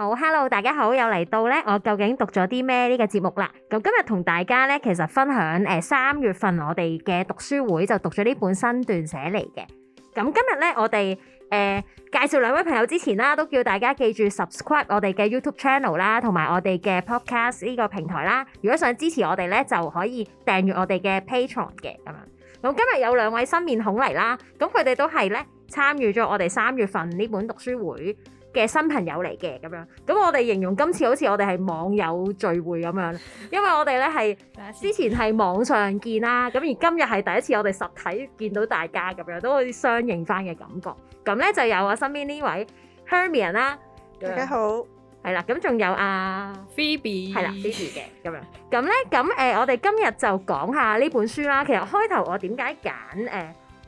好，oh，hello，大家好，又嚟到咧。我究竟讀咗啲咩呢個節目啦？咁今日同大家咧，其實分享誒三月份我哋嘅讀書會就讀咗呢本新斷捨離嚟嘅。咁今日咧，我哋誒介紹兩位朋友之前啦，都叫大家記住 subscribe 我哋嘅 YouTube channel 啦，同埋我哋嘅 podcast 呢個平台啦。如果想支持我哋咧，就可以訂閱我哋嘅 Patreon 嘅咁樣。咁今日有兩位新面孔嚟啦，咁佢哋都係咧參與咗我哋三月份呢本讀書會。嘅新朋友嚟嘅咁樣，咁我哋形容今次好似我哋係網友聚會咁樣，因為我哋咧係之前係網上見啦，咁而今日係第一次我哋實體見到大家咁樣，都可以相認翻嘅感覺。咁咧就有我身邊呢位 Hermione 啦，大家好，係啦，咁仲有啊 Phoebe，係啦了 Phoebe 嘅咁樣。咁咧咁誒，我哋今日就講下呢本書啦。其實開頭我點解揀誒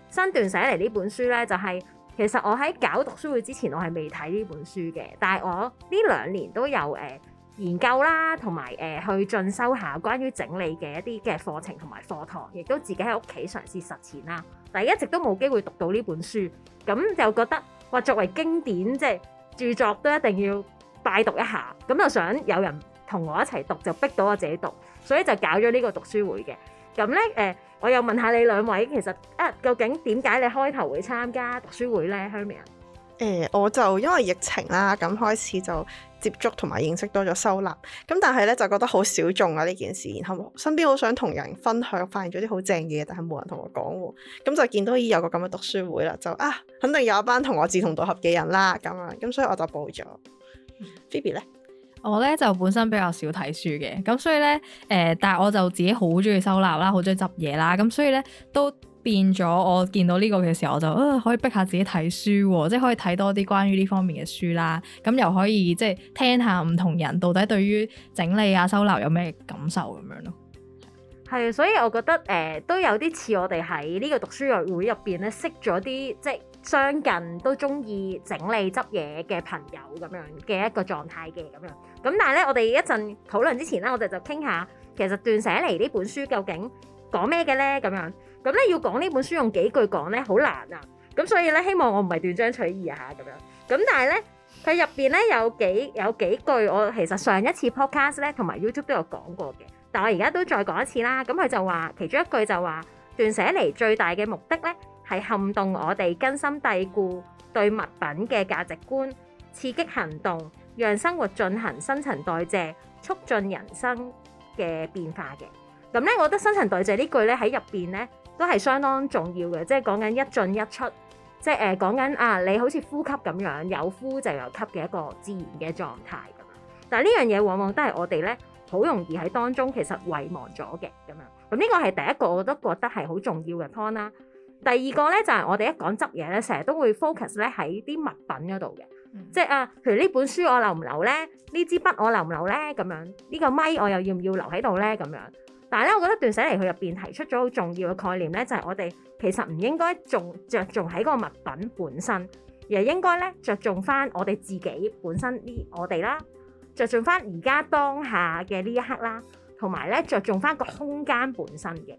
新斷捨離呢本書咧，就係、是。其實我喺搞讀書會之前，我係未睇呢本書嘅。但係我呢兩年都有誒、呃、研究啦，同埋誒去進修下關於整理嘅一啲嘅課程同埋課堂，亦都自己喺屋企嘗試實踐啦。但係一直都冇機會讀到呢本書，咁就覺得話、呃、作為經典即係、就是、著作都一定要拜讀一下，咁就想有人同我一齊讀，就逼到我自己讀，所以就搞咗呢個讀書會嘅。咁咧誒。呃我又問下你兩位，其實啊，究竟點解你開頭會參加讀書會呢？Hermia，誒、欸，我就因為疫情啦，咁開始就接觸同埋認識多咗收納咁，但係咧就覺得好小眾啊呢件事，然後身邊好想同人分享，發現咗啲好正嘅嘢，但係冇人同我講喎，咁就見到已有個咁嘅讀書會啦，就啊，肯定有一班同我志同道合嘅人啦，咁樣，咁所以我就報咗。Phoebe 咧？我呢就本身比較少睇書嘅，咁所以呢，誒、呃，但係我就自己好鍾意收納啦，好鍾意執嘢啦，咁所以呢都變咗。我見到呢個嘅時候，我就啊可以逼下自己睇書喎，即係可以睇多啲關於呢方面嘅書啦。咁又可以即係聽下唔同人到底對於整理啊、收納有咩感受咁樣囉。係，所以我覺得誒、呃、都有啲似我哋喺呢個讀書約會入邊呢，識咗啲即係。相近都中意整理執嘢嘅朋友，咁樣嘅一個狀態嘅咁樣，咁但係咧我哋一陣討論之前咧，我哋就傾下其實斷捨離呢本書究竟講咩嘅咧咁樣，咁咧要講呢本書用幾句講咧好難啊，咁所以咧希望我唔係斷章取義嚇，咁樣，咁但係咧佢入邊咧有幾有幾句我其實上一次 podcast 咧同埋 YouTube 都有講過嘅，但係我而家都再講一次啦，咁佢就話其中一句就話斷捨離最大嘅目的咧。係撼動我哋根深蒂固對物品嘅價值觀，刺激行動，讓生活進行新陳代謝，促進人生嘅變化嘅。咁咧，我覺得新陳代謝呢句咧喺入邊咧都係相當重要嘅，即係講緊一進一出，即係誒講緊啊你好似呼吸咁樣，有呼就有吸嘅一個自然嘅狀態咁。但係呢樣嘢往往都係我哋咧好容易喺當中其實遺忘咗嘅咁樣。咁呢個係第一個我都覺得係好重要嘅 point 啦。第二個咧就係、是、我哋一講執嘢咧，成日都會 focus 咧喺啲物品嗰度嘅，嗯、即係啊，譬如呢本書我留唔留咧？呢支筆我留唔留咧？咁樣呢、這個咪我又要唔要留喺度咧？咁樣，但係咧，我覺得斷捨離佢入邊提出咗好重要嘅概念咧，就係、是、我哋其實唔應該仲着重喺嗰個物品本身，而係應該咧着重翻我哋自己本身呢我哋啦，着重翻而家當下嘅呢一刻啦，同埋咧着重翻個空間本身嘅。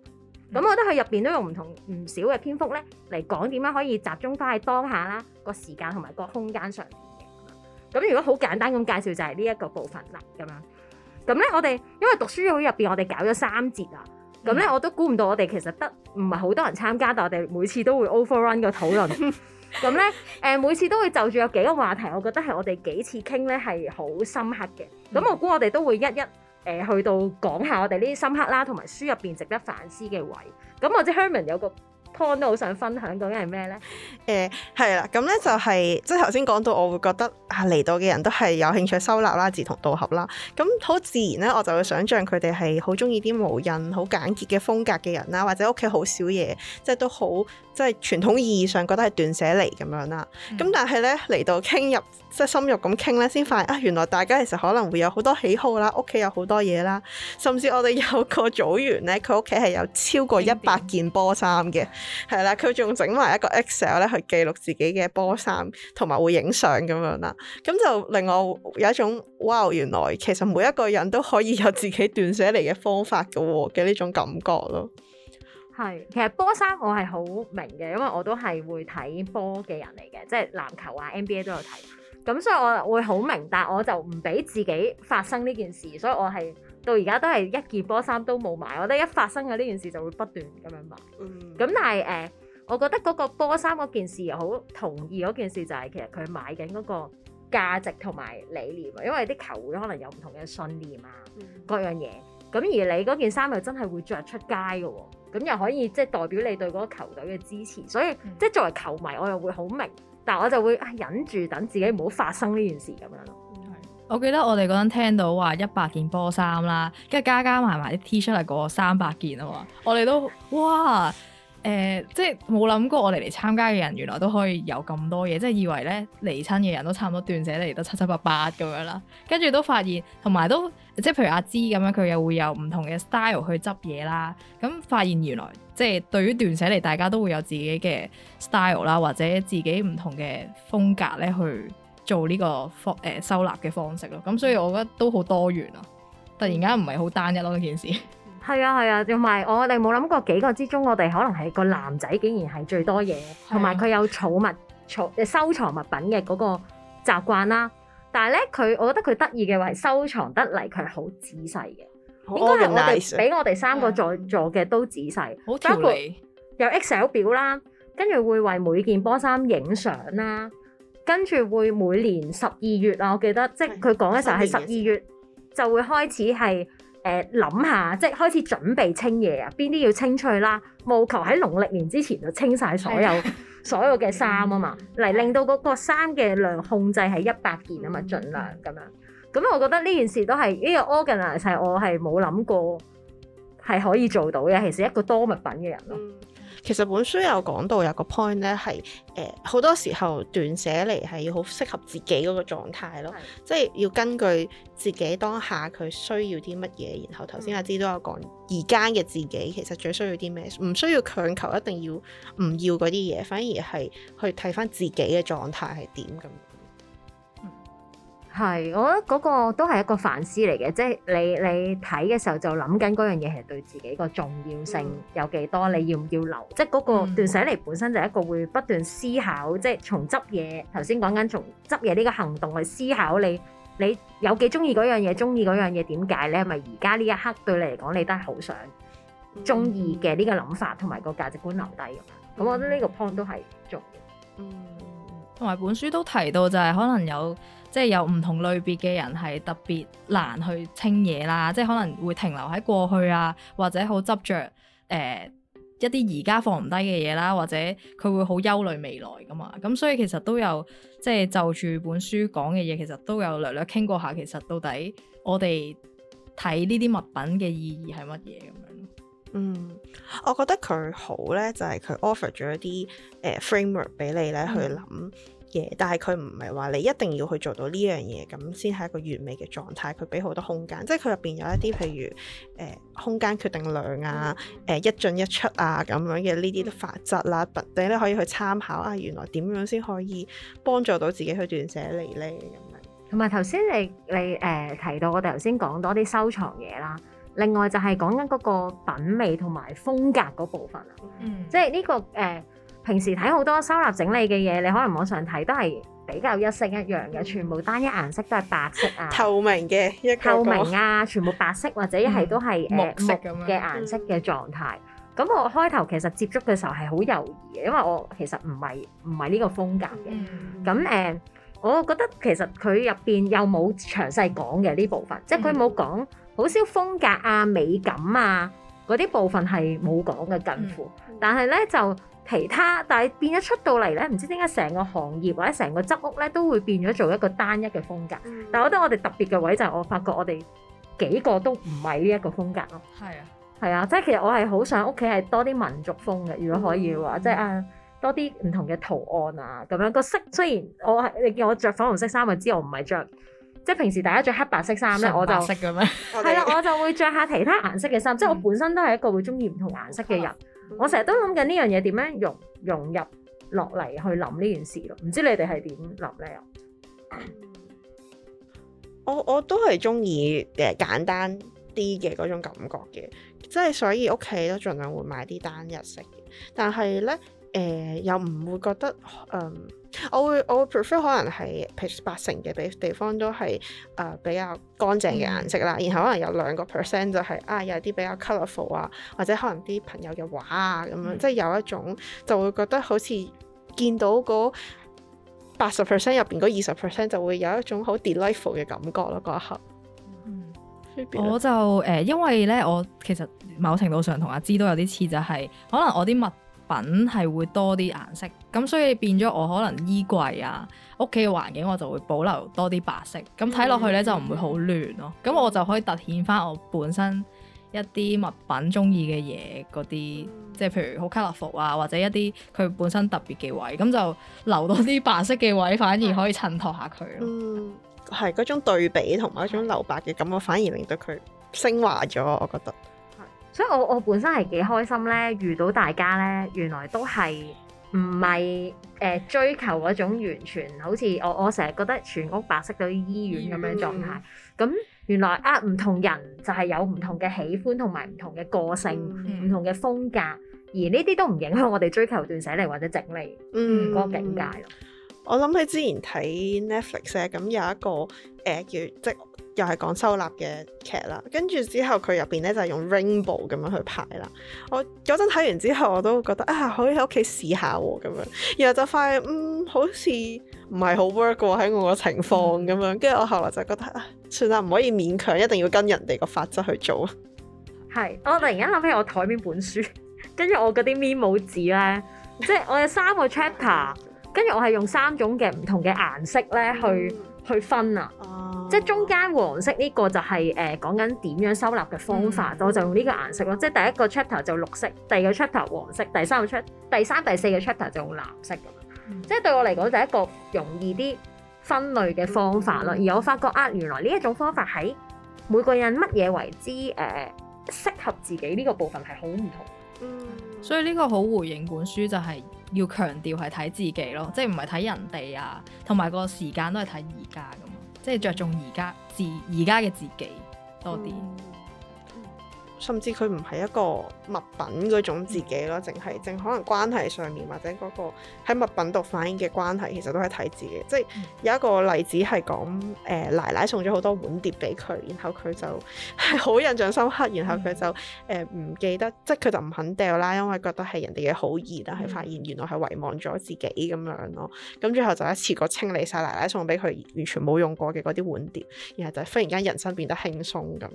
咁我覺得佢入邊都有唔同唔少嘅篇幅咧嚟講點樣可以集中翻喺當下啦，個時間同埋個空間上面嘅。咁如果好簡單咁介紹就係呢一個部分啦咁樣。咁咧我哋因為讀書會入邊我哋搞咗三節啦。咁咧我都估唔到我哋其實得唔係好多人參加，但我哋每次都會 overrun 個討論。咁咧誒每次都會就住有幾個話題，我覺得係我哋幾次傾咧係好深刻嘅。咁我估我哋都會一一。誒、呃、去到講下我哋呢啲深刻啦，同埋書入邊值得反思嘅位。咁或者 Herman 有個。c 都好想分享，究竟係咩呢？誒係啦，咁呢就係、是、即係頭先講到，我會覺得啊嚟到嘅人都係有興趣收納啦，志同道合啦，咁好自然呢，我就會想像佢哋係好中意啲無印、好簡潔嘅風格嘅人啦，或者屋企好少嘢，即係都好即係傳統意義上覺得係斷捨離咁樣啦。咁、嗯、但係呢，嚟到傾入即係深入咁傾呢，先發現啊原來大家其實可能會有好多喜好啦，屋企有好多嘢啦，甚至我哋有個組員呢，佢屋企係有超過一百件波衫嘅。係啦，佢仲整埋一個 Excel 咧，去記錄自己嘅波衫，同埋會影相咁樣啦。咁就令我有一種，哇！原來其實每一個人都可以有自己斷捨離嚟嘅方法嘅，哦，嘅呢種感覺咯。係，其實波衫我係好明嘅，因為我都係會睇波嘅人嚟嘅，即係籃球啊，NBA 都有睇。咁所以我會好明白，我就唔俾自己發生呢件事，所以我係。到而家都係一件波衫都冇買，我覺得一發生嘅呢件事就會不斷咁樣買。咁、嗯、但係誒、呃，我覺得嗰個波衫嗰件事又好同意，嗰件事就係其實佢買緊嗰個價值同埋理念，因為啲球會可能有唔同嘅信念啊，嗯、各樣嘢。咁而你嗰件衫又真係會着出街嘅喎，咁又可以即係代表你對嗰個球隊嘅支持。所以、嗯、即係作為球迷，我又會好明，但我就會忍住等自己唔好發生呢件事咁樣。我記得我哋嗰陣聽到話一百件波衫啦，跟住加加埋埋啲 T 恤嚟，過三百件啊嘛！我哋都哇誒、呃，即係冇諗過我哋嚟參加嘅人，原來都可以有咁多嘢，即係以為咧嚟親嘅人都差唔多斷捨離得七七八八咁樣啦。跟住都發現，同埋都即係譬如阿芝咁樣，佢又會有唔同嘅 style 去執嘢啦。咁發現原來即係對於斷捨離，大家都會有自己嘅 style 啦，或者自己唔同嘅風格咧去。做呢個方收納嘅方式咯，咁所以我覺得都好多元啊。突然間唔係好單一咯，呢件事。係啊係啊，同埋、啊、我哋冇諗過幾個之中，我哋可能係個男仔竟然係最多嘢，同埋佢有儲物、儲收藏物品嘅嗰個習慣啦。但係咧，佢我覺得佢得意嘅位收藏得嚟，佢係好仔細嘅，應該係我哋比我哋三個在座嘅、啊、都仔細。好專業。包括有 Excel 表啦，跟住會為每件波衫影相啦。跟住會每年十二月啊，我記得，即係佢講嘅時候係十二月就會開始係誒諗下，即係開始準備清嘢啊，邊啲要清脆啦，務求喺農曆年之前就清晒所有 所有嘅衫啊嘛，嚟令到嗰個衫嘅量控制係一百件啊嘛，儘量咁樣。咁、嗯嗯、我覺得呢件事都係呢、這個 organize，係我係冇諗過係可以做到嘅，其實一個多物品嘅人咯。其實本書有講到有個 point 咧，係誒好多時候斷捨離係要好適合自己嗰個狀態咯，的即係要根據自己當下佢需要啲乜嘢，然後頭先阿芝都有講，而家嘅自己其實最需要啲咩，唔需要強求一定要唔要嗰啲嘢，反而係去睇翻自己嘅狀態係點咁。係，我覺得嗰個都係一個反思嚟嘅，即係你你睇嘅時候就諗緊嗰樣嘢係對自己個重要性有幾多，嗯、你要唔要留？即係嗰個斷捨離本身就係一個會不斷思考，嗯、即係從執嘢頭先講緊從執嘢呢個行動去思考你你有幾中意嗰樣嘢，中意嗰樣嘢點解呢？你係咪而家呢一刻對你嚟講你都係好想中意嘅呢個諗法同埋、嗯、個價值觀留低咁？咁我覺得呢個 point 都係重要。嗯，同埋本書都提到就係可能有。即係有唔同類別嘅人係特別難去清嘢啦，即係可能會停留喺過去啊，或者好執着誒、呃、一啲而家放唔低嘅嘢啦，或者佢會好憂慮未來㗎嘛。咁所以其實都有即係就住本書講嘅嘢，其實都有略略傾過下，其實到底我哋睇呢啲物品嘅意義係乜嘢咁樣？嗯，我覺得佢好咧，就係佢 offer 咗一啲誒、呃、framework 俾你咧去諗、嗯。嘢，但係佢唔係話你一定要去做到呢樣嘢，咁先係一個完美嘅狀態。佢俾好多空間，即係佢入邊有一啲譬如誒、呃、空間決定量啊，誒、呃、一進一出啊咁樣嘅呢啲的法則啦，或者你可以去參考啊，原來點樣先可以幫助到自己去斷捨離呢？同埋頭先你你誒、呃、提到我哋頭先講多啲收藏嘢啦，另外就係講緊嗰個品味同埋風格嗰部分，嗯、即係呢、這個誒。呃平時睇好多收納整理嘅嘢，你可能網上睇都係比較一色一樣嘅，嗯、全部單一顏色都係白色啊，透明嘅，透明啊，全部白色或者一係都係誒木嘅顏色嘅狀態。咁、嗯、我開頭其實接觸嘅時候係好猶豫嘅，因為我其實唔係唔係呢個風格嘅。咁誒、嗯嗯，我覺得其實佢入邊又冇詳細講嘅呢部分，即係佢冇講好少風格啊、美感啊嗰啲部分係冇講嘅近乎，但係咧就。就其他，但係變咗出到嚟咧，唔知點解成個行業或者成個執屋咧，都會變咗做一個單一嘅風格。但係我覺得我哋特別嘅位就係我發覺我哋幾個都唔係呢一個風格咯。係啊，係啊，即係其實我係好想屋企係多啲民族風嘅，如果可以嘅話，即係啊多啲唔同嘅圖案啊，咁樣個色。雖然我係，你見我著粉紅色衫，我知我唔係著，即係平時大家著黑白色衫咧，我就係啦，我就會著下其他顏色嘅衫，即係我本身都係一個會中意唔同顏色嘅人。我成日都諗緊呢樣嘢點樣融融入落嚟去諗呢件事咯，唔知你哋係點諗呢？我我都係中意誒簡單啲嘅嗰種感覺嘅，即係所以屋企都盡量會買啲單日式嘅，但係呢。嗯誒、呃、又唔會覺得誒、嗯，我會我會 prefer 可能係百分之八成嘅地地方都係誒、呃、比較乾淨嘅顏色啦，嗯、然後可能有兩個 percent 就係、是、啊有啲比較 colourful 啊，或者可能啲朋友嘅畫啊咁樣，嗯、即係有一種就會覺得好似見到嗰八十 percent 入邊嗰二十 percent 就會有一種好 delightful 嘅感覺咯，嗰一刻。嗯，我就誒、呃，因為咧我其實某程度上同阿芝都有啲似、就是，就係可能我啲物品係會多啲顏色，咁所以變咗我可能衣櫃啊，屋企嘅環境我就會保留多啲白色，咁睇落去呢，就唔會好亂咯。咁我就可以突顯翻我本身一啲物品中意嘅嘢，嗰啲即係譬如好卡啦服啊，或者一啲佢本身特別嘅位，咁就留多啲白色嘅位，反而可以襯托下佢咯。嗯，係嗰種對比同埋嗰種留白嘅感覺，反而令到佢升華咗，我覺得。所以我我本身係幾開心咧，遇到大家咧，原來都係唔係誒追求嗰種完全好似我我成日覺得全屋白色到啲醫院咁樣嘅狀態。咁、嗯、原來啊唔同人就係有唔同嘅喜歡同埋唔同嘅個性，唔、嗯、同嘅風格，而呢啲都唔影響我哋追求斷捨離或者整理嗰個境界咯。嗯。我諗起之前睇 Netflix 咁有一個誒、呃、叫即又係講收納嘅劇啦，跟住之後佢入邊咧，就是、用 rainbow 咁樣去排啦。我嗰陣睇完之後，我都覺得啊可以喺屋企試下咁樣，然後就發現嗯好似唔係好 work 喺我個情況咁、嗯、樣。跟住我後來就覺得啊，算啦，唔可以勉強，一定要跟人哋個法則去做。係，我突然間諗起我台邊本書，跟住我嗰啲咪報紙咧，即係我有三個 chapter。 跟住我係用三種嘅唔同嘅顏色咧，去、嗯、去分啊！即係中間黃色呢個就係誒講緊點樣收納嘅方法，嗯、就我就用呢個顏色咯。即係第一個 chapter 就綠色，第二個 chapter 黃色，第三個 chapter 第三第四個 chapter 就用藍色嘅。嗯、即係對我嚟講，就係一個容易啲分類嘅方法咯。嗯、而我發覺啊，原來呢一種方法喺每個人乜嘢為之誒、呃、適合自己呢個部分係好唔同。嗯，所以呢個好回應本書就係、是。要強調係睇自己咯，即係唔係睇人哋啊，同埋個時間都係睇而家㗎嘛，即係著重而家自而家嘅自己多啲。嗯。甚至佢唔係一個物品嗰種自己咯，淨係淨可能關係上面或者嗰個喺物品度反映嘅關係，其實都係睇自己。即係有一個例子係講誒奶奶送咗好多碗碟俾佢，然後佢就係好印象深刻，然後佢就誒唔記得，即係佢就唔肯掉啦，因為覺得係人哋嘅好意，但係發現原來係遺忘咗自己咁樣咯。咁最後就一次過清理晒奶奶送俾佢完全冇用過嘅嗰啲碗碟，然後就忽然間人生變得輕鬆咁。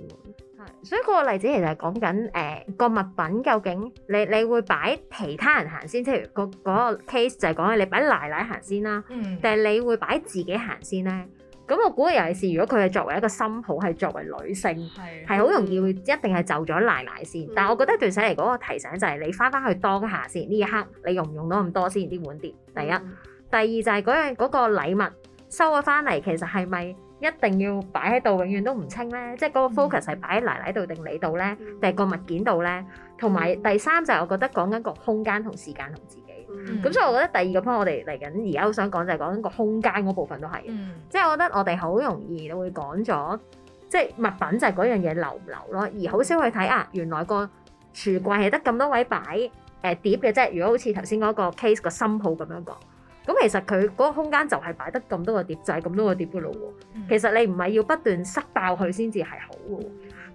所以嗰個例子其實係講緊誒個物品究竟你你會擺其他人行先，即係個嗰個 case 就係講你擺奶奶行先啦。嗯。定係你會擺自己行先咧？咁我估嘅尤其是如果佢係作為一個心抱係作為女性，係係好容易會一定係就咗奶奶先。但係我覺得對上嚟嗰個提醒就係你翻翻去當下先，呢一刻你用唔用到咁多先啲碗碟。第一，第二就係嗰樣嗰個禮物收咗翻嚟，其實係咪？一定要擺喺度，永遠都唔清咧，即係嗰個 focus 係擺喺奶奶度定你度咧，定係、嗯、個物件度咧。同埋、嗯、第三就係我覺得講緊個空間同時間同自己。咁、嗯、所以，我覺得第二個 point 我哋嚟緊而家好想講就係講緊個空間嗰部分都係。嗯、即係我覺得我哋好容易會講咗，即、就、係、是、物品就係嗰樣嘢留唔留咯，而好少去睇啊。原來個櫥櫃係得咁多位擺誒、呃、碟嘅啫。如果好似頭先嗰個 case 個心抱咁樣講。咁其實佢嗰個空間就係擺得咁多個碟，就係、是、咁多個碟噶咯喎。其實你唔係要不斷塞爆佢先至係好嘅。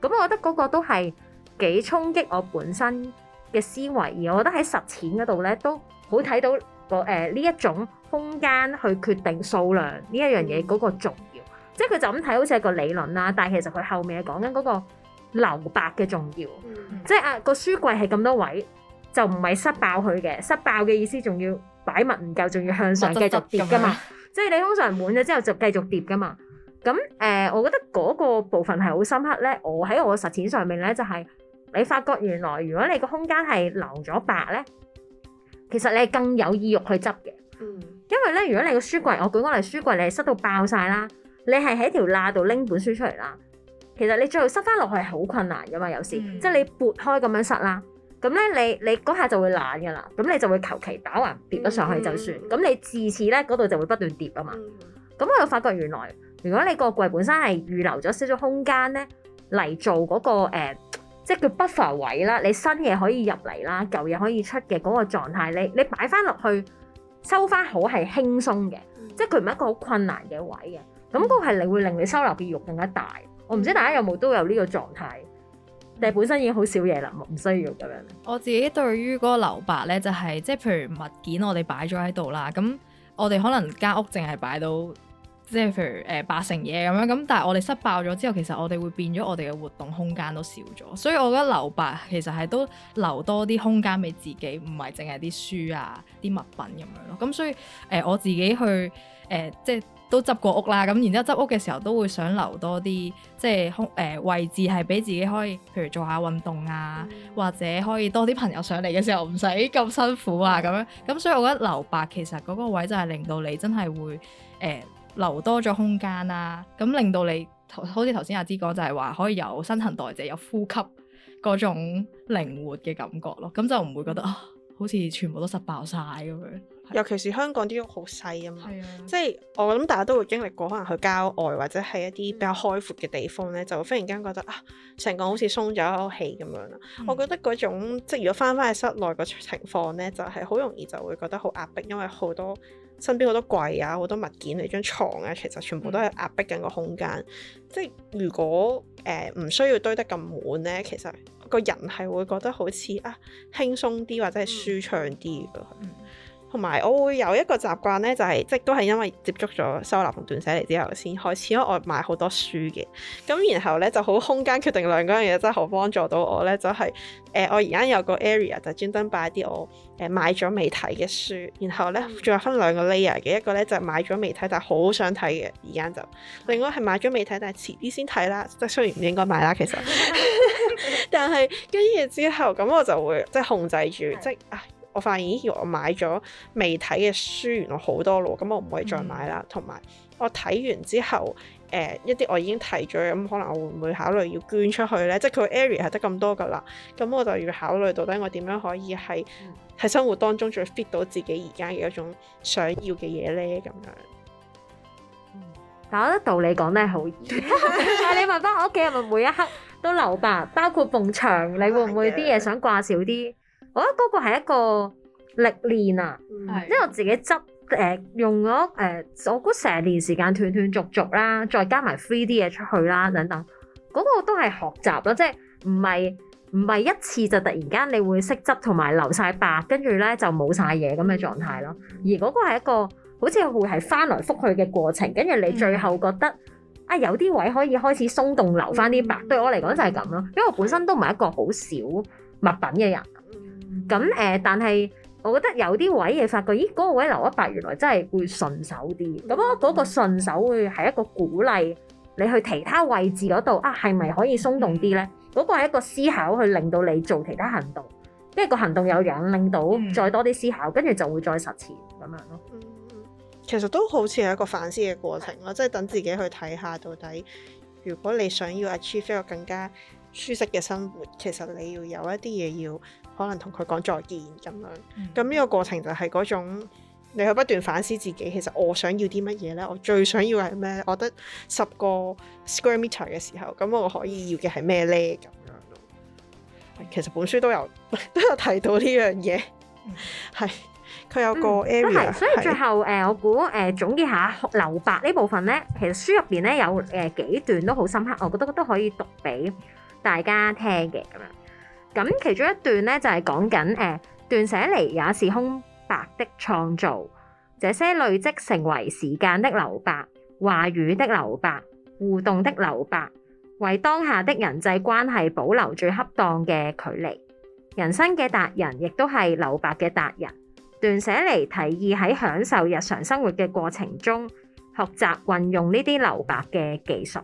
咁我覺得嗰個都係幾衝擊我本身嘅思維，而我覺得喺實踐嗰度咧，都好睇到個誒呢、呃、一種空間去決定數量呢一樣嘢嗰個重要。即係佢就咁睇好似係個理論啦，但係其實佢後面係講緊嗰個留白嘅重要。即係啊、個書櫃係咁多位，就唔係塞爆佢嘅。塞爆嘅意思仲要。擺物唔夠，仲要向上繼續跌噶嘛？ 即係你通常滿咗之後就繼續跌噶嘛？咁誒、呃，我覺得嗰個部分係好深刻咧。我喺我實踐上面咧，就係、是、你發覺原來如果你個空間係留咗白咧，其實你係更有意欲去執嘅。嗯，因為咧，如果你個書櫃，我舉個嚟書櫃舉個例，書櫃你係塞到爆晒啦，你係喺條罅度拎本書出嚟啦，其實你最再最後塞翻落去係好困難噶嘛，有時、嗯、即係你撥開咁樣塞啦。咁咧，你你嗰下就會懶噶啦，咁你就會求其打橫疊咗上去就算。咁你自此咧嗰度就會不斷疊啊嘛。咁我又發覺原來，如果你個櫃本身係預留咗少少空間咧，嚟做嗰個、呃、即係叫 buffer 位啦，你新嘢可以入嚟啦，舊嘢可以出嘅嗰個狀態，你你擺翻落去收翻好係輕鬆嘅，嗯、即係佢唔係一個好困難嘅位嘅。咁嗰個係令令你收留嘅慾更加大。我唔知大家有冇都有呢個狀態。但係本身已經好少嘢啦，唔需要咁樣。我自己對於嗰個留白咧，就係即係譬如物件我哋擺咗喺度啦，咁我哋可能間屋淨係擺到即係譬如誒、呃、八成嘢咁樣，咁但係我哋塞爆咗之後，其實我哋會變咗我哋嘅活動空間都少咗，所以我覺得留白其實係都留多啲空間俾自己，唔係淨係啲書啊、啲物品咁樣咯。咁所以誒、呃，我自己去誒、呃、即係。都執過屋啦，咁然之後執屋嘅時候都會想留多啲，即係空誒、呃、位置係俾自己可以，譬如做下運動啊，嗯、或者可以多啲朋友上嚟嘅時候唔使咁辛苦啊，咁樣，咁所以我覺得留白其實嗰個位就係令到你真係會誒、呃、留多咗空間啦、啊，咁令到你好似頭先阿芝講就係、是、話可以有新陳代謝、有呼吸嗰種靈活嘅感覺咯，咁就唔會覺得啊、哦、好似全部都塞爆晒咁樣。尤其是香港啲屋好細啊嘛，啊即係我諗大家都會經歷過，可能去郊外或者係一啲比較開闊嘅地方咧，就會忽然間覺得啊，成個好似鬆咗一口氣咁樣啦。嗯、我覺得嗰種即係如果返返去室內個情況咧，就係、是、好容易就會覺得好壓迫，因為好多身邊好多櫃啊、好多物件、你張床啊，其實全部都係壓迫緊個空間。嗯、即係如果誒唔、呃、需要堆得咁滿咧，其實個人係會覺得好似啊輕鬆啲或者係舒暢啲嘅。嗯嗯同埋我會有一個習慣呢，就係、是、即都係因為接觸咗收納同斷捨離之後先開始。我買好多書嘅，咁然後呢，就好空間決定量嗰樣嘢真係好幫助到我呢，就係、是、誒、呃，我而家有個 area 就專登擺啲我誒、呃、買咗未睇嘅書，然後呢，仲有分兩個 layer 嘅，一個呢就係、買咗未睇但係好想睇嘅，而家就另外係買咗未睇但係遲啲先睇啦。即係雖然唔應該買啦，其實 但，但係跟住之後咁我就會即係控制住，的即、啊我發現咦，我買咗未睇嘅書，原來好多咯，咁我唔可以再買啦。同埋我睇完之後，誒一啲我已經睇咗嘅，咁可能我會唔會考慮要捐出去咧？即係佢 area 係得咁多噶啦，咁我就要考慮到底我點樣可以係喺生活當中最 fit 到自己而家嘅一種想要嘅嘢咧？咁樣，但我覺得道理講得係好易，但係你問翻我屋企係咪每一刻都留白，包括埲牆，你會唔會啲嘢想掛少啲？我覺得嗰個係一個歷練啊，即、嗯、因為我自己執誒、呃、用咗誒、呃、我估成年時間斷斷續續啦，再加埋 three D 嘢出去啦等等，嗰、嗰個都係學習咯，即係唔係唔係一次就突然間你會識執同埋留晒白，跟住咧就冇晒嘢咁嘅狀態咯。而嗰個係一個好似會係翻來覆去嘅過程，跟住你最後覺得、嗯、啊有啲位可以開始鬆動，留翻啲白。嗯、對我嚟講就係咁咯，因為我本身都唔係一個好少物品嘅人。咁誒、嗯，但係我覺得有啲位嘢發覺，咦，嗰個位留一筆，原來真係會順手啲。咁啊，嗰個順手會係一個鼓勵你去其他位置嗰度啊，係咪可以鬆動啲呢？嗰個係一個思考去令到你做其他行動，因為個行動有樣令到再多啲思考，跟住就會再實踐咁樣咯。其實都好似係一個反思嘅過程咯，即係等自己去睇下到底，如果你想要 achieve 一個更加舒適嘅生活，其實你要有一啲嘢要。可能同佢講再見咁樣，咁呢、嗯、個過程就係嗰種你去不斷反思自己，其實我想要啲乜嘢咧？我最想要係咩？我得十個 square meter 嘅時候，咁我可以要嘅係咩咧？咁樣咯，其實本書都有 都有提到呢樣嘢，係佢、嗯、有個 area、嗯、所以最後誒是、呃，我估誒、呃、總結下留白呢部分咧，其實書入邊咧有誒、呃、幾段都好深刻，我覺得都可以讀俾大家聽嘅咁樣。咁其中一段咧就係講緊誒，斷捨離也是空白的創造，這些累積成為時間的留白、話語的留白、互動的留白，為當下的人際關係保留最恰當嘅距離。人生嘅達人亦都係留白嘅達人。斷捨離提議喺享受日常生活嘅過程中，學習運用呢啲留白嘅技術。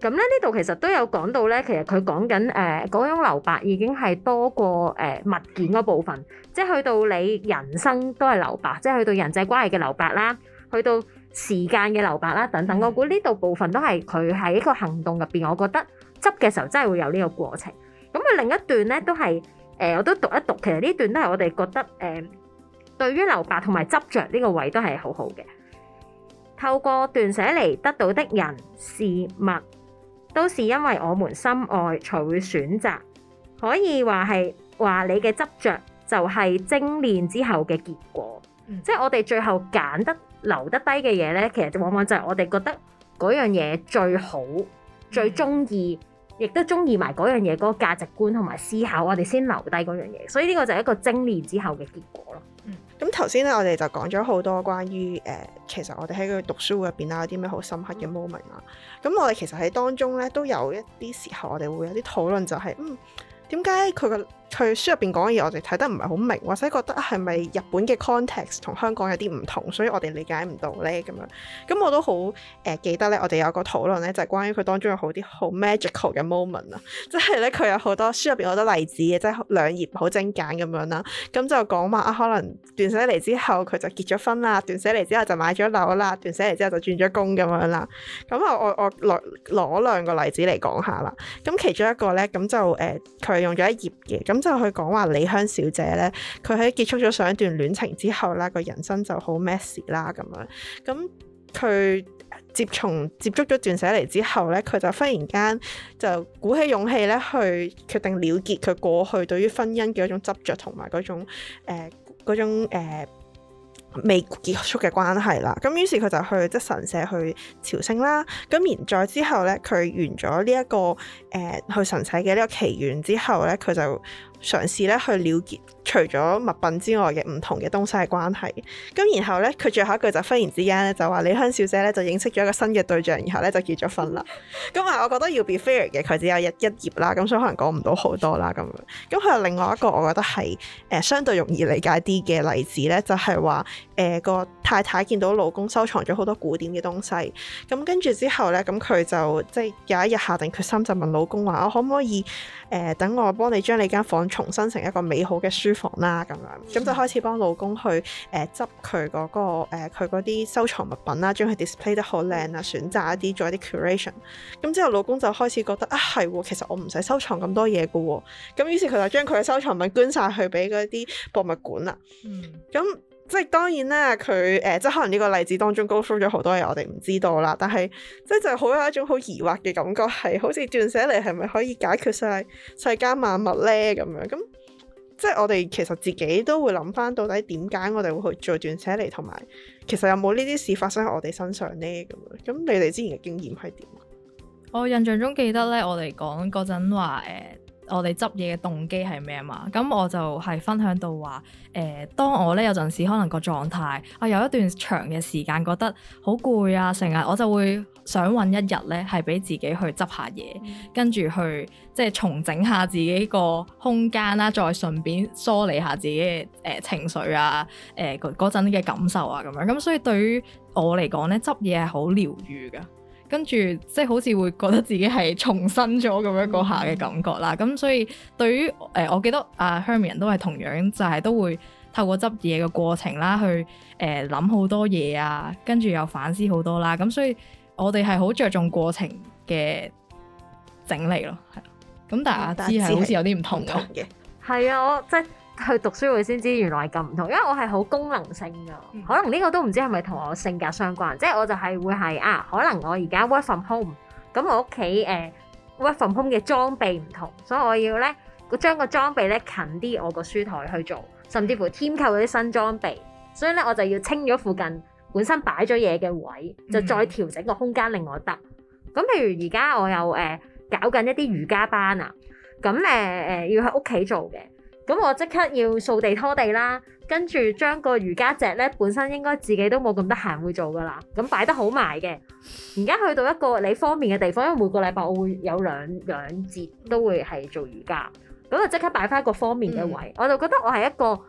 咁咧呢度其實都有講到咧，其實佢講緊誒嗰種留白已經係多過誒物件嗰部分，即係去到你人生都係留白，即係去到人際關係嘅留白啦，去到時間嘅留白啦等等。我估呢度部分都係佢喺一個行動入邊，我覺得執嘅時候真係會有呢個過程。咁啊另一段咧都係誒，我都讀一讀。其實呢段都係我哋覺得誒，對於留白同埋執著呢個位都係好好嘅。透過斷寫嚟得到的人事物，都是因為我們深愛，才會選擇。可以話係話，你嘅執着就係精煉之後嘅結果。嗯、即係我哋最後揀得留得低嘅嘢呢，其實往往就係我哋覺得嗰樣嘢最好、嗯、最中意，亦都中意埋嗰樣嘢嗰個價值觀同埋思考，我哋先留低嗰樣嘢。所以呢個就係一個精煉之後嘅結果咯。咁頭先咧，我哋就講咗好多關於誒、呃，其實我哋喺佢讀書會入邊啦，有啲咩好深刻嘅 moment 啦。咁、嗯、我哋其實喺當中咧，都有一啲時候，我哋會有啲討論，就係嗯，點解佢個？佢書入邊講嘅嘢，我哋睇得唔係好明，或者覺得係咪日本嘅 context 同香港有啲唔同，所以我哋理解唔到咧咁樣。咁我都好誒記得咧，我哋有個討論咧，就係、是、關於佢當中有好啲好 magical 嘅 moment 啊，即係咧佢有好多書入邊好多例子嘅，即係兩頁好精簡咁樣啦。咁就講話啊，可能斷捨離之後佢就結咗婚啦，斷捨離之後就買咗樓啦，斷捨離之後就轉咗工咁樣啦。咁我我我攞攞兩個例子嚟講下啦。咁其中一個咧，咁就誒佢、呃、用咗一頁嘅咁。咁就去講話李香小姐咧，佢喺結束咗上一段戀情之後咧，個人生就好 messy 啦咁樣。咁佢接從接觸咗斷捨離之後咧，佢就忽然間就鼓起勇氣咧，去決定了結佢過去對於婚姻嘅一種執着，同埋嗰種誒嗰種、呃未結束嘅關係啦，咁於是佢就去即神社去朝聖啦，咁然再之後咧，佢完咗呢一個誒、呃、去神社嘅呢個祈願之後咧，佢就，嘗試咧去了結除咗物品之外嘅唔同嘅東西嘅關係。咁然後咧，佢最後一句就忽然之間咧就話李香小姐咧就認識咗一個新嘅對象，然後咧就結咗婚啦。咁啊，我覺得要 be fair 嘅，佢只有一一頁啦，咁所以可能講唔到好多啦咁樣。咁佢又另外一個我覺得係誒、呃、相對容易理解啲嘅例子咧，就係話誒個太太見到老公收藏咗好多古典嘅東西，咁跟住之後咧，咁佢就即係有一日下定決心就問老公話：我可唔可以誒、呃、等我幫你將你間房重新成一個美好嘅書房啦，咁樣咁就開始幫老公去誒執佢嗰個誒佢嗰啲收藏物品啦，將佢 display 得好靚啊，選擇一啲做一啲 curation。咁之後老公就開始覺得啊，係喎，其實我唔使收藏咁多嘢嘅喎。咁於是佢就將佢嘅收藏品捐晒去俾嗰啲博物館啦。咁、嗯。即係當然啦，佢誒、呃，即係可能呢個例子當中 go through 咗好多嘢，我哋唔知道啦。但係即係就好有一種好疑惑嘅感覺，係好似斷捨離係咪可以解決晒世間萬物咧咁樣？咁即係我哋其實自己都會諗翻，到底點解我哋會去做斷捨離，同埋其實有冇呢啲事發生喺我哋身上咧？咁樣咁，你哋之前嘅經驗係點？我印象中記得咧，我哋講嗰陣話誒。欸我哋執嘢嘅動機係咩啊嘛？咁我就係分享到話，誒、呃，當我呢有陣時可能個狀態，我有一段長嘅時間覺得好攰啊，成日我就會想揾一日呢係俾自己去執下嘢，跟住去即係重整下自己個空間啦，再順便梳理下自己嘅誒、呃、情緒啊，誒嗰陣嘅感受啊咁樣。咁所以對於我嚟講呢，執嘢係好療愈噶。跟住即係好似會覺得自己係重生咗咁一個下嘅感覺啦，咁、嗯、所以對於誒、呃，我記得阿、啊、Herman 都係同樣，就係、是、都會透過執嘢嘅過程啦，去誒諗好多嘢啊，跟住又反思好多啦，咁所以我哋係好着重過程嘅整理咯，係咁但係阿芝係好似有啲唔同嘅，係啊， 我即去讀書會先知，原來係咁唔同。因為我係好功能性嘅，可能呢個都唔知係咪同我性格相關。即係我就係會係啊，可能我而家 work from home，咁我屋企誒 work from home 嘅裝備唔同，所以我要咧個將個裝備咧近啲我個書台去做，甚至乎添購嗰啲新裝備。所以咧我就要清咗附近本身擺咗嘢嘅位，就再調整個空間令我得。咁譬如而家我又誒搞緊一啲瑜伽班啊，咁誒誒要喺屋企做嘅。咁我即刻要掃地拖地啦，跟住將個瑜伽席咧，本身應該自己都冇咁得閒會做噶啦。咁擺得好埋嘅，而家去到一個你方便嘅地方，因為每個禮拜我會有兩兩節都會係做瑜伽，咁就即刻擺翻一個方便嘅位。嗯、我就覺得我係一個誒、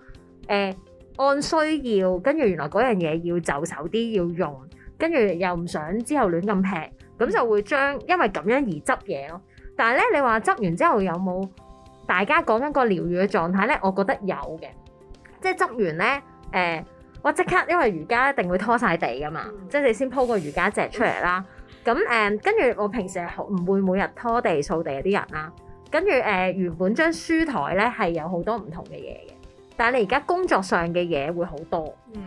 呃、按需要，跟住原來嗰樣嘢要就手啲要用，跟住又唔想之後亂咁劈，咁就會將因為咁樣而執嘢咯。但係咧，你話執完之後有冇？大家講緊個療愈嘅狀態咧，我覺得有嘅，即係執完咧，誒、呃，我即刻因為瑜伽一定會拖晒地噶嘛，嗯、即係你先鋪個瑜伽席出嚟啦。咁誒、嗯，跟住、嗯、我平時係唔會每日拖地掃地嗰啲人啦。跟住誒，原本張書枱咧係有好多唔同嘅嘢嘅，但係你而家工作上嘅嘢會好多。嗯，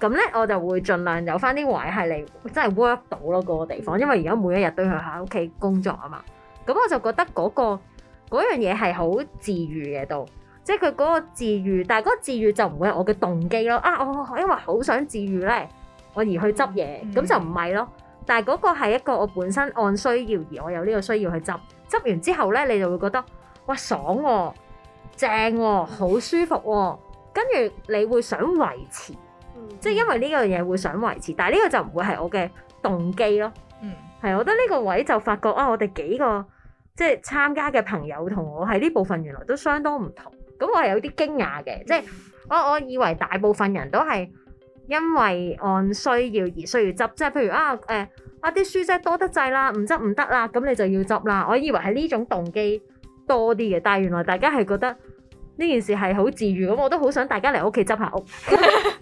咁咧我就會盡量有翻啲位係你，即係 work 到嗰個地方，嗯、因為而家每一日都係喺屋企工作啊嘛。咁我就覺得嗰、嗰個。嗰樣嘢係好治癒嘅，都即係佢嗰個治癒，但係嗰個治癒就唔會係我嘅動機咯。啊，我因為好想治癒咧，我而去執嘢，咁、嗯、就唔係咯。但係嗰個係一個我本身按需要而我有呢個需要去執，執完之後咧你就會覺得哇爽喎、啊，正喎、啊，好舒服喎、啊，跟住你會想維持，嗯、即係因為呢樣嘢會想維持，但係呢個就唔會係我嘅動機咯。嗯，係，我覺得呢個位就發覺啊，我哋幾個。即係參加嘅朋友同我喺呢部分原來都相當唔同，咁我係有啲驚訝嘅。即係我我以為大部分人都係因為按需要而需要執，即係譬如啊誒啊啲書真係多得滯啦，唔執唔得啦，咁你就要執啦。我以為係呢種動機多啲嘅，但係原來大家係覺得呢件事係好治癒，咁我都好想大家嚟屋企執下屋，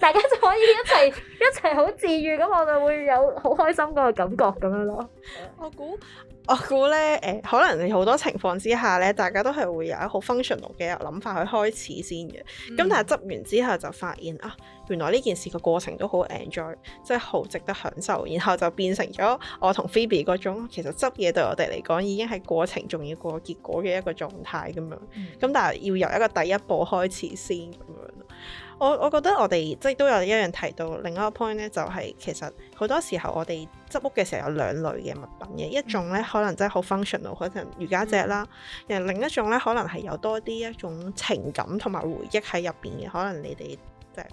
大家就可以一齊一齊好治癒，咁我就會有好開心嗰個感覺咁樣咯。我估。我估咧，誒、呃，可能你好多情況之下咧，大家都係會有一個 functional 嘅諗法去開始先嘅。咁、嗯、但係執完之後就發現啊，原來呢件事個過程都好 enjoy，即係好值得享受。然後就變成咗我同 Phoebe 嗰種，其實執嘢對我哋嚟講已經係過程仲要過結果嘅一個狀態咁樣。咁、嗯、但係要由一個第一步開始先咁樣。我我覺得我哋即係都有一樣提到另一個 point 咧、就係，就係其實好多時候我哋執屋嘅時候有兩類嘅物品嘅，嗯、一種咧可能真係好 functional，好似瑜伽墊啦；，然、嗯、另一種咧可能係有多啲一種情感同埋回憶喺入邊嘅，可能你哋即係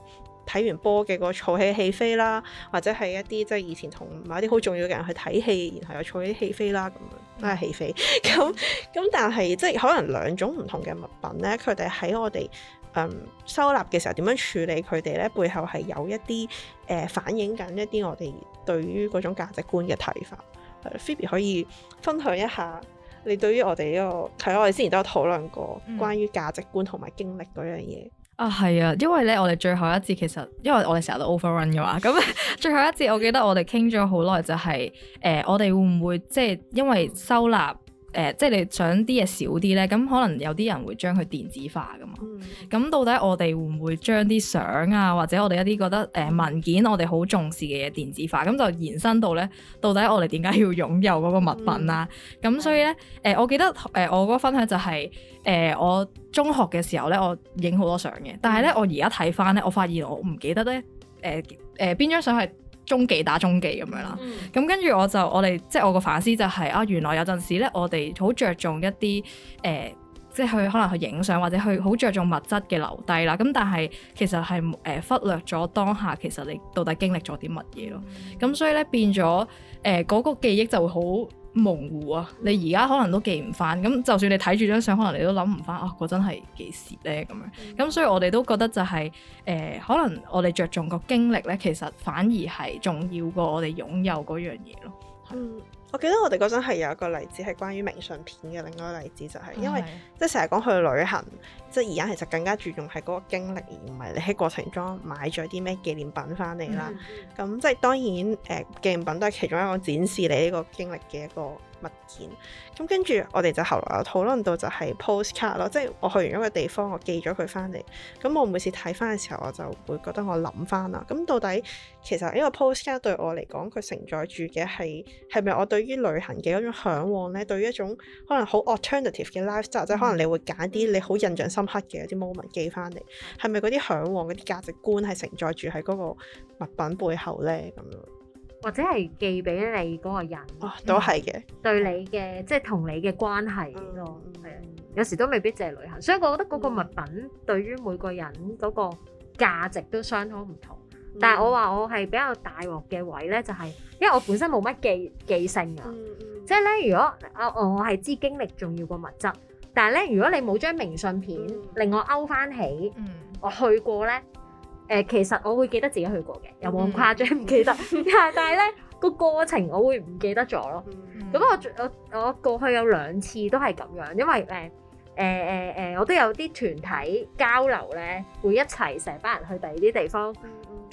睇完波嘅個儲起戲飛啦，或者係一啲即係以前同某啲好重要嘅人去睇戲，然後又儲起戲飛啦咁樣，都係戲飛。咁 咁、嗯、 但係即係可能兩種唔同嘅物品咧，佢哋喺我哋。Um, 收納嘅時候點樣處理佢哋呢？背後係有一啲誒、呃、反映緊一啲我哋對於嗰種價值觀嘅睇法。Uh, Phoebe 可以分享一下你對於我哋呢、呢個係咯、啊，我哋之前都有討論過關於價值觀同埋經歷嗰樣嘢。嗯、啊，係啊，因為呢，我哋最後一節其實因為我哋成日都 overrun 嘅嘛，咁最後一節我記得我哋傾咗好耐就係、是、誒、呃、我哋會唔會即係因為收納？誒、呃，即係你想啲嘢少啲呢，咁可能有啲人會將佢電子化噶嘛。咁、嗯、到底我哋會唔會將啲相啊，或者我哋一啲覺得誒文件，我哋好重視嘅嘢電子化？咁就延伸到呢，到底我哋點解要擁有嗰個物品啊？咁、嗯、所以呢，誒、嗯呃，我記得誒、呃，我嗰個分享就係、是、誒、呃，我中學嘅時候呢，我影好多相嘅。但係呢，嗯、我而家睇返呢，我發現我唔記得呢誒誒，邊、呃呃呃、張相係。中記打中記咁樣啦，咁跟住我就我哋即係我個反思就係、是、啊，原來有陣時呢，我哋好着重一啲誒、呃，即係去可能去影相或者去好着重物質嘅留低啦，咁但係其實係誒、呃、忽略咗當下其實你到底經歷咗啲乜嘢咯，咁所以呢，變咗誒嗰個記憶就會好模糊啊！你而家可能都記唔翻，咁就算你睇住張相，可能你都諗唔翻啊！嗰真係幾蝕呢咁樣，咁所以我哋都覺得就係、是、誒、呃，可能我哋着重個經歷呢，其實反而係重要過我哋擁有嗰樣嘢咯。嗯我記得我哋嗰陣係有一個例子係關於明信片嘅，另外一個例子就係、是、因為的即係成日講去旅行，即係而家其實更加注重係嗰個經歷，而唔係你喺過程中買咗啲咩紀念品翻嚟啦。咁、嗯、即係當然誒、呃，紀念品都係其中一個展示你呢個經歷嘅一個。物件。咁跟住，我哋就後來有討論到就係 postcard 咯，即係我去完一個地方，我寄咗佢翻嚟。咁我每次睇翻嘅時候，我就會覺得我諗翻啦。咁到底其實呢個 postcard 對我嚟講，佢承載住嘅係係咪我對於旅行嘅嗰種嚮往呢？對於一種可能好 alternative 嘅 life style，即係可能你會揀啲你好印象深刻嘅一啲 moment 寄翻嚟，係咪嗰啲嚮往、嗰啲價值觀係承載住喺嗰個物品背後呢？咁樣。或者係寄俾你嗰個人，都係嘅，對你嘅即係同你嘅關係咯，係啊，有時都未必就係旅行，所以我覺得嗰個物品對於每個人嗰個價值都相當唔同。但係我話我係比較大鑊嘅位咧，就係因為我本身冇乜記記性啊，即係咧，如果我我係知經歷重要過物質，但係咧，如果你冇張明信片令我勾翻起我去過咧。誒，其實我會記得自己去過嘅，有冇咁誇張？唔記得，但係咧，個過程我會唔記得咗咯。咁我我我過去有兩次都係咁樣，因為誒誒誒誒，我都有啲團體交流咧，會一齊成班人去第二啲地方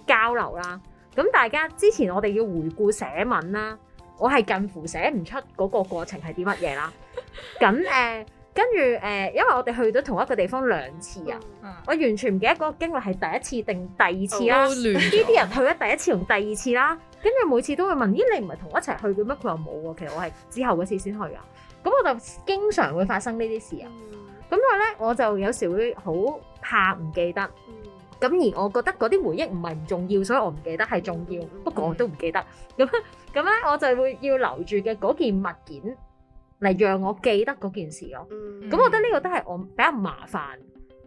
交流啦。咁大家之前我哋要回顧寫文啦，我係近乎寫唔出嗰個過程係啲乜嘢啦。咁誒。跟住誒，因為我哋去到同一個地方兩次啊，嗯、我完全唔記得嗰個經歷係第一次定第二次啦。呢啲人去咗第一次同第二次啦，跟住每次都會問：咦，你唔係同我一齊去嘅咩？佢話冇喎，其實我係之後嗰次先去啊。咁我就經常會發生呢啲事啊。咁我以咧，我就有時會好怕唔記得。咁而我覺得嗰啲回憶唔係唔重要，所以我唔記得係重要，不過我都唔記得。咁咁咧，我就會要留住嘅嗰件物件。嚟讓我記得嗰件事咯，咁、嗯、我覺得呢個都係我比較麻煩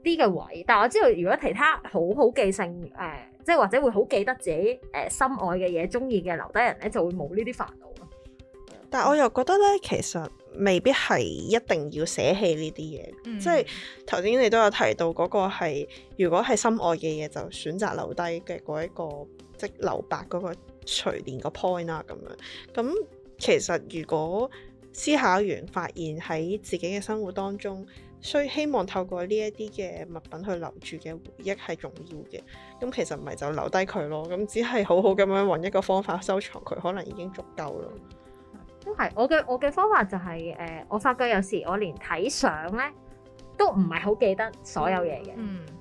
啲嘅位，但係我知道如果其他好好記性，誒、呃、即係或者會好記得自己誒、呃、心愛嘅嘢、中意嘅留低人咧，就會冇呢啲煩惱咯。但係我又覺得咧，其實未必係一定要捨棄呢啲嘢，嗯、即係頭先你都有提到嗰個係如果係心愛嘅嘢，就選擇留低嘅嗰一個即係留白嗰、嗰個隨便個 point 啊，咁樣。咁其實如果思考完，發現喺自己嘅生活當中，需希望透過呢一啲嘅物品去留住嘅回憶係重要嘅。咁其實唔係就留低佢咯，咁只係好好咁樣揾一個方法收藏佢，可能已經足夠咯。都係，我嘅我嘅方法就係、是、誒，我發覺有時我連睇相呢都唔係好記得所有嘢嘅。嗯嗯。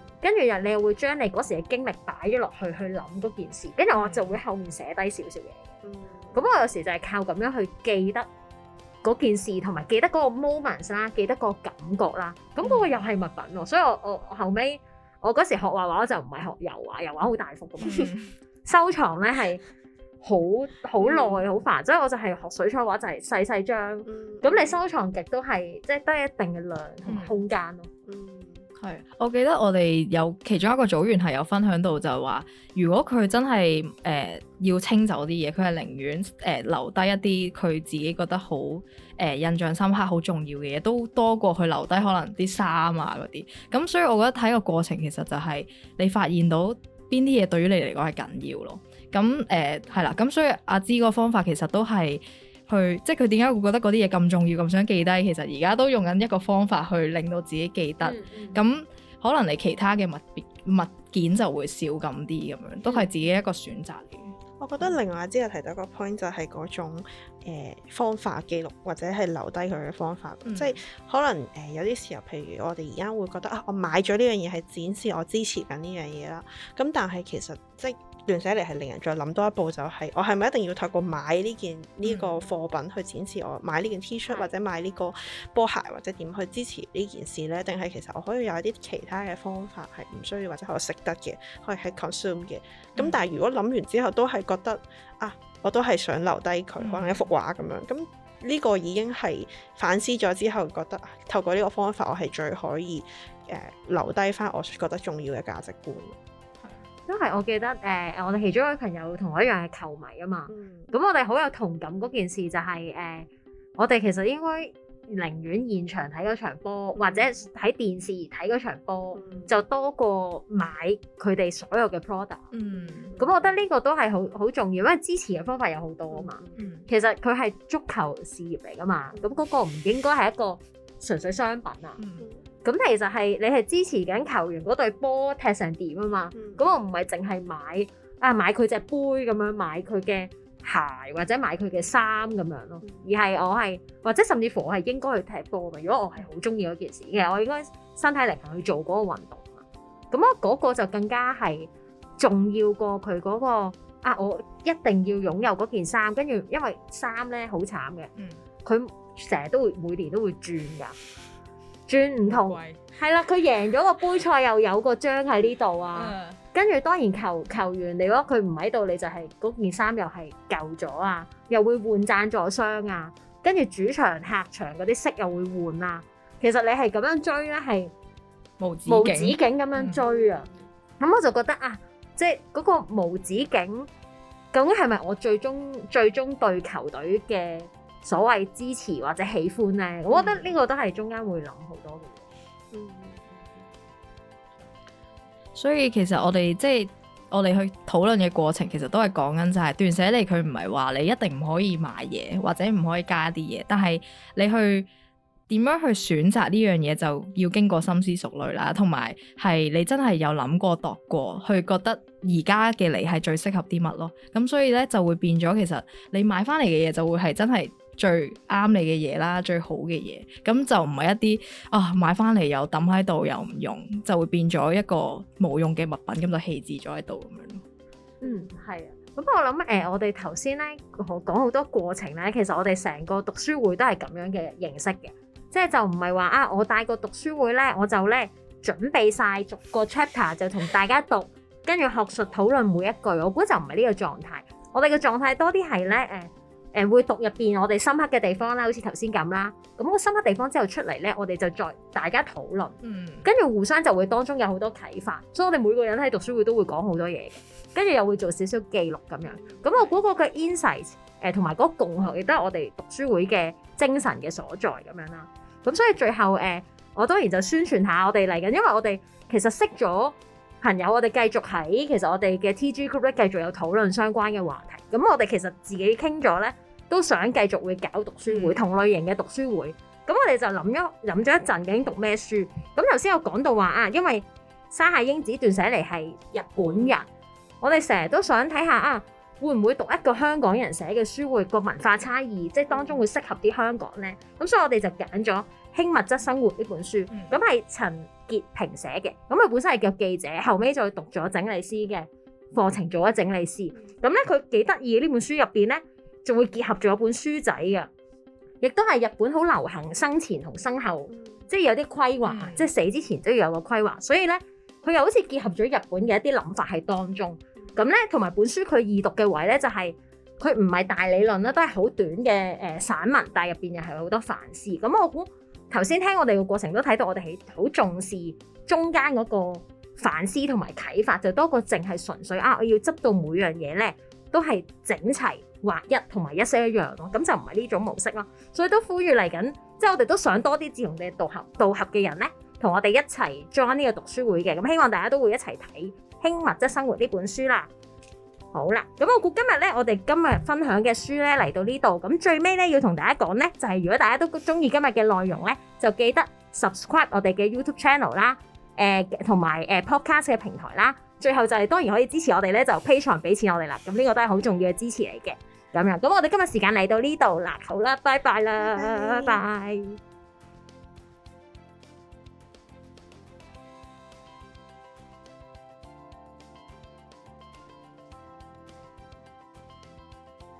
跟住又你會將你嗰時嘅經歷擺咗落去，去諗嗰件事。跟住我就會後面寫低少少嘢。嗯。咁我有時就係靠咁樣去記得嗰件事，同埋記得嗰個 moment 啦，記得個感覺啦。咁嗰個又係物品喎，所以我我，我後尾我嗰時學畫畫我就唔係學油畫，油畫好大幅嘅嘛， 收藏咧係好好耐好煩，即、嗯、以我就係學水彩畫就係、是、細細張。咁、嗯、你收藏極都係即係得一定嘅量同埋空間咯。嗯嗯。係，我記得我哋有其中一個組員係有分享到就，就係話如果佢真係誒、呃、要清走啲嘢，佢係寧願誒、呃、留低一啲佢自己覺得好誒、呃、印象深刻、好重要嘅嘢，都多過去留低可能啲衫啊嗰啲。咁所以我覺得睇個過程其實就係你發現到邊啲嘢對於你嚟講係緊要咯。咁誒係啦，咁、呃、所以阿芝個方法其實都係。佢即係佢點解會覺得嗰啲嘢咁重要咁想記低？其實而家都用緊一個方法去令到自己記得。咁、嗯嗯、可能你其他嘅物物件就會少咁啲咁樣都係自己一個選擇嘅。嗯、我覺得另外之後提到個 point 就係嗰種誒、呃、方法記錄或者係留低佢嘅方法，嗯、即係可能誒、呃、有啲時候，譬如我哋而家會覺得啊，我買咗呢樣嘢係展示我支持緊呢樣嘢啦。咁但係其實即亂寫嚟係令人再諗多一步，就係、是、我係咪一定要透過買呢件呢、這個貨品去展示我買呢件 T 恤，或者買呢個波鞋或者點去支持呢件事呢？定係其實我可以有一啲其他嘅方法係唔需要或者我食得嘅，可以係 consume 嘅。咁但係如果諗完之後都係覺得啊，我都係想留低佢，可能一幅畫咁樣。咁呢個已經係反思咗之後覺得透過呢個方法，我係最可以誒、呃、留低返我覺得重要嘅價值觀。都係，我記得誒、呃，我哋其中一位朋友同我一樣係球迷啊嘛。咁、嗯、我哋好有同感嗰件事就係、是、誒、呃，我哋其實應該寧願現場睇嗰場波，嗯、或者喺電視睇嗰場波，嗯、就多過買佢哋所有嘅 product。嗯，咁我覺得呢個都係好好重要，因為支持嘅方法有好多啊嘛。嗯、其實佢係足球事業嚟㗎嘛，咁嗰個唔應該係一個純粹商品啊。嗯咁其實係你係支持緊球員嗰隊波踢成點啊嘛，咁、嗯、我唔係淨係買啊買佢隻杯咁樣，買佢嘅鞋，或者買佢嘅衫咁樣咯，嗯、而係我係或者甚至乎我係應該去踢波嘅。如果我係好中意嗰件事，嘅，其實我應該身體力行去做嗰個運動啊。咁啊嗰個就更加係重要過佢嗰、嗰個啊，我一定要擁有嗰件衫。跟住因為衫咧好慘嘅，佢成日都會每年都會轉㗎。轉唔同係啦，佢贏咗個杯賽又有個章喺呢度啊。跟住當然球球員，你如果佢唔喺度，你就係嗰件衫又係舊咗啊，又會換贊助商啊。跟住主場客場嗰啲色又會換啊。其實你係咁樣追咧，係無止無止境咁樣追啊。咁我就覺得啊，即係嗰個無止境，究竟係咪我最終最終對球隊嘅？所謂支持或者喜歡呢，我覺得呢個都係中間會諗好多嘅嘢。嗯，所以其實我哋即係我哋去討論嘅過程，其實都係講緊就係斷捨離，佢唔係話你一定唔可以買嘢或者唔可以加啲嘢，但係你去點樣去選擇呢樣嘢，就要經過深思熟慮啦。同埋係你真係有諗過度過去，覺得而家嘅你係最適合啲乜囉。咁所以呢，就會變咗，其實你買翻嚟嘅嘢就會係真係，最啱你嘅嘢啦，最好嘅嘢，咁就唔係一啲啊，買翻嚟又抌喺度又唔用，就會變咗一個冇用嘅物品，咁就棄置咗喺度咁樣咯。嗯，係啊。咁我諗誒、呃，我哋頭先咧，講好多過程咧，其實我哋成個讀書會都係咁樣嘅形式嘅，即係就唔係話啊，我帶個讀書會咧，我就咧準備晒逐個 chapter 就同大家讀， 跟住學術討論每一句。我估就唔係呢個狀態，我哋嘅狀態多啲係咧誒。呃誒會讀入邊我哋深刻嘅地方啦，好似頭先咁啦，咁、個深刻地方之後出嚟呢，我哋就再大家討論，嗯、跟住互相就會當中有好多啟發，所以我哋每個人喺讀書會都會講好多嘢，跟住又會做少少記錄咁樣，咁我嗰、呃、個嘅 insights 同埋嗰共學亦都係我哋讀書會嘅精神嘅所在咁樣啦，咁所以最後誒、呃，我當然就宣傳下我哋嚟緊，因為我哋其實識咗朋友，我哋繼續喺其實我哋嘅 TG group 咧繼續有討論相關嘅話題。咁我哋其實自己傾咗咧，都想繼續會搞讀書會，同類型嘅讀書會。咁我哋就諗咗諗咗一陣，究竟讀咩書？咁頭先我講到話啊，因為山下英子段寫嚟係日本人，我哋成日都想睇下啊，會唔會讀一個香港人寫嘅書會個文化差異，即係當中會適合啲香港呢？咁所以我哋就揀咗《輕物質生活》呢本書，咁係陳潔平寫嘅，咁佢本身係叫記者，後尾再讀咗整理師嘅。課程做咗整理師，咁咧佢幾得意呢本書入邊咧，仲會結合咗一本書仔嘅，亦都係日本好流行生前同生後，即係有啲規劃，嗯、即係死之前都要有個規劃，所以咧佢又好似結合咗日本嘅一啲諗法喺當中。咁咧同埋本書佢易讀嘅位咧，就是，就係佢唔係大理論啦，都係好短嘅誒、呃、散文，但係入邊又係好多凡事。咁我估頭先聽我哋嘅過程都睇到我哋係好重視中間嗰、嗰個。反思同埋啟發就多過淨係純粹啊！我要執到每樣嘢咧，都係整齊劃一，同埋一色一樣咯。咁就唔係呢種模式咯。所以都呼籲嚟緊，即係我哋都想多啲志同嘅道合道合嘅人咧，同我哋一齊 join 呢個讀書會嘅。咁希望大家都會一齊睇《輕物質生活》呢本書啦。好啦，咁我估今日咧，我哋今日分享嘅書咧嚟到呢度。咁最尾咧要同大家講咧，就係如果大家都中意今日嘅內容咧，就記得 subscribe 我哋嘅 YouTube channel 啦。誒同埋誒 podcast 嘅平台啦，最後就係、是、當然可以支持我哋咧，就 Patreon 俾錢給我哋啦，咁呢個都係好重要嘅支持嚟嘅，咁樣咁我哋今日時間嚟到呢度啦，好啦，拜拜啦，拜拜。